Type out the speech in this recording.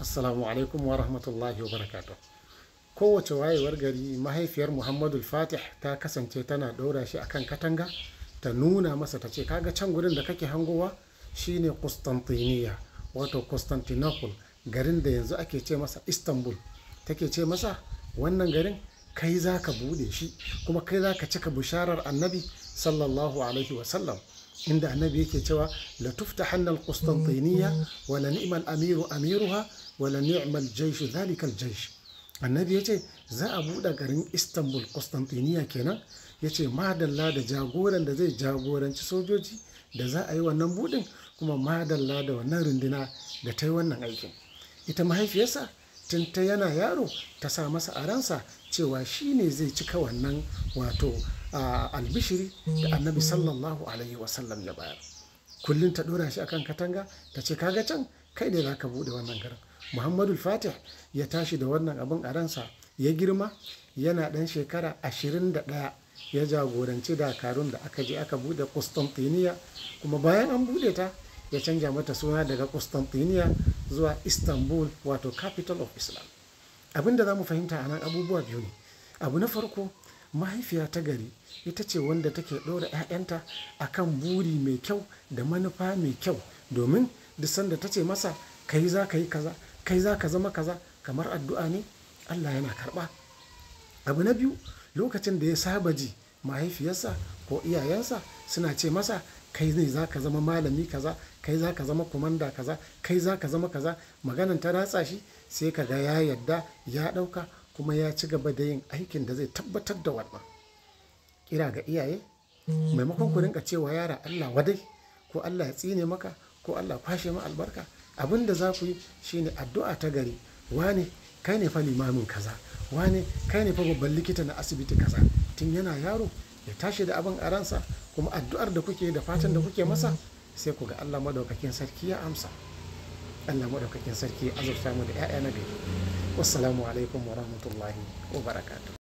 assalamu alaikum wa rahmatullahi wa barakatu kowace wayewar gari mahaifiyar muhammadu fatih ta kasance tana ɗora shi akan katanga ta nuna masa ta ce kaga can gurin da kake hangowa shine Constantiniya wato Constantinople garin da yanzu ake ce masa Istanbul take ce masa wannan garin kai za ka bude shi kuma kai za ka cika bisharar annabi sallallahu alaihi wasallam inda annabi yake cewa la tuftahanna al-qustantiniya wa la ni'mal amiru amiruha wa la ni'mal jayshu dhalika al annabi yace za a buɗe garin istanbul qustantiniya kenan yace madalla da jagoran da zai jagoranci sojoji da za a yi wannan buɗin kuma madalla da wannan runduna da ta yi wannan aikin ita mahaifiyarsa tun ta yana yaro ta sa masa a ransa cewa shi ne zai cika wannan wato albishiri da annabi sallallahu alaihi wasallam ya bayar kullum ta dora shi akan katanga ta ce kaga can kai ne zaka bude wannan garin muhammadu fatih ya tashi da wannan abin a ransa ya girma yana dan shekara 21 ya jagoranci dakarun da aka je aka bude constantiniya kuma bayan an bude ta ya canja mata suna daga constantiniya zuwa istanbul wato capital of islam abinda za mu fahimta a nan abubuwa biyu ne abu na farko mahaifiya ta gari ita ce wanda take ɗora 'ya'yanta a kan buri mai kyau da manufa mai kyau domin da sanda ta ce masa kai za ka yi kaza kai za ka zama kaza kamar addu'a ne allah yana karba abu na biyu lokacin da ya saba ji mahaifiyarsa ko iyayensa suna ce masa kai ne za ka zama malami kaza kai za ka zama komanda kaza kai za ka zama kaza maganan ta ratsa shi sai ka ga ya yadda ya ɗauka kuma ya ci gaba da yin aikin da zai tabbatar da wannan kira ga iyaye maimakon ku rinka cewa yara allah wadai ko allah ya tsine maka ko allah kwashe ma albarka abin da za ku yi shine addu'a ta gari wane kai ne fa limamin kaza wane kai ne fa babban likita na asibiti kaza tun yana yaro ya tashi da abin a ransa kuma addu'ar da kuke da fatan da kuke masa sai ku ga Allah madaukakin sarki ya amsa Allah madaukakin sarki ya azurta mu da 'ya'ya na gari wassalamu alaikum wa rahmatullahi wa barakatuh